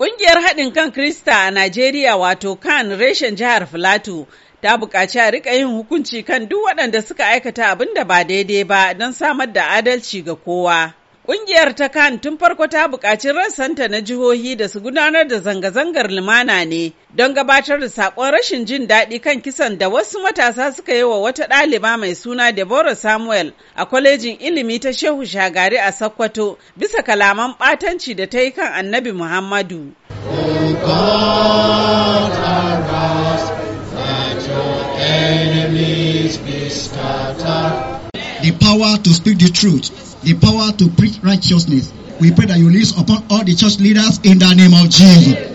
Ƙungiyar haɗin kan Krista a Najeriya wato kan reshen jihar Filato ta buƙaci a rika yin hukunci kan duk waɗanda suka aikata abin da ba daidai ba don samar da adalci ga kowa. Ƙungiyar ta kan tun farko ta buƙaci rassanta na jihohi da su gudanar da zanga-zangar lumana ne don gabatar da saƙon rashin jin daɗi kan kisan da wasu matasa suka yi wa wata ɗaliba mai suna Deborah Samuel a kwalejin ilimi ta Shehu Shagari a Sokoto bisa kalaman ɓatanci da ta yi kan Annabi Muhammadu. Oh the power to speak the truth, the power to preach righteousness. We pray that you release upon all the church leaders in the name of Jesus.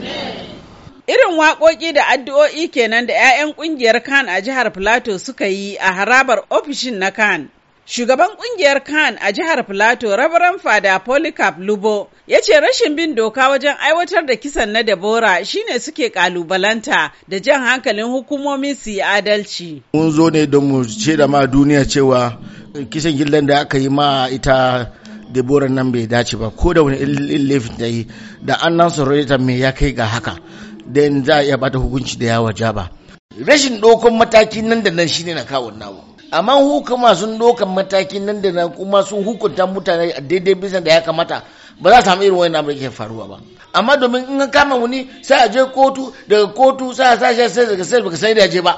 Irin waƙoƙi da addu'o'i kenan da 'ya'yan ƙungiyar Khan a jihar Filato suka yi a harabar ofishin na KAN, Shugaban ƙungiyar KAN a jihar Filato, Rabaran Fada Polycarp Lubo, ya ce rashin bin doka wajen aiwatar da kisan na Debora shine suke ƙalubalanta da jan hankalin hukumomi su yi adalci. Mun zo ne don mu ce da ma duniya cewa kisan gillan da aka yi ma ita Debora nan bai dace ba ko da wani illafin ta yi da an nan sororita mai ya kai ga haka dan za a iya bata hukunci da yawa jaba rashin dokon mataki nan da nan shine na kawo nawo amma hukuma sun dokan mataki nan da nan kuma sun hukunta mutane a daidai bisa da ya kamata ba za su samu irin wani abin da ke faruwa ba amma domin in ka kama wani sai a je kotu daga kotu sai a sashi sai daga sai baka sai da je ba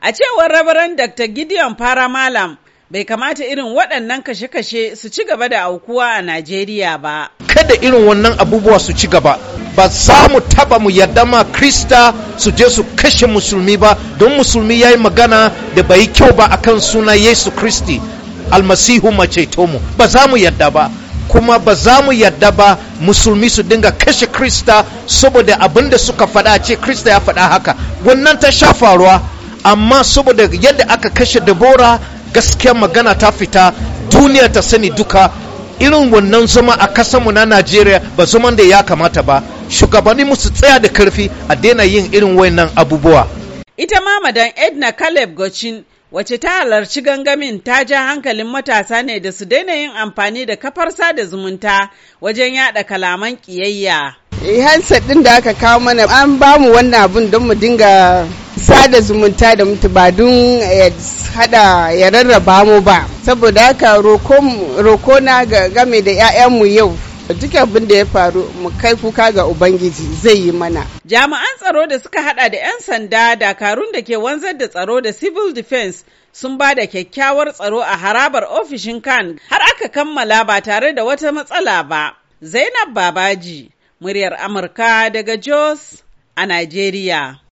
a cewar rabaran dr gideon fara malam bai kamata irin waɗannan kashe-kashe su ci gaba da aukuwa a Najeriya ba. Kada irin wannan abubuwa su ci gaba, ba za mu taba mu yarda ma Krista su je su kashe musulmi ba, don musulmi ya yi magana da bai kyau ba a kan suna Yesu Kristi, almasihu maceto mu, ba za mu yarda ba. kuma ba za mu yarda ba musulmi su dinga kashe krista saboda abin da suka faɗa ce krista ya faɗa haka wannan ta sha faruwa amma saboda yadda aka kashe dabora gaskiya magana ta fita duniya ta sani duka irin wannan zama a kasanmu na najeriya ba zaman da ya kamata ba shugabanni musu tsaya da karfi a daina yin irin wannan abubuwa ita ma madan edna caleb gocin wace ta halarci gangamin ta ja hankalin matasa ne da su daina yin amfani da kafar sada zumunta wajen yada kalaman kiyayya. Eh, hansa ɗin da aka kawo mana an bamu wannan abun don mu dinga sada zumunta da mutu ba don eh, hada ya rarraba mu ba saboda haka roko na game da 'ya'yanmu yau duk abin da ya faru mu kai kuka ga ubangiji zai yi mana jami'an tsaro da suka hada da 'yan sanda dakarun da ke wanzar da tsaro da civil defense sun ba da kyakkyawar tsaro a harabar ofishin kan har aka kammala ba tare da wata matsala ba zainab babaji muryar amurka daga jos a nigeria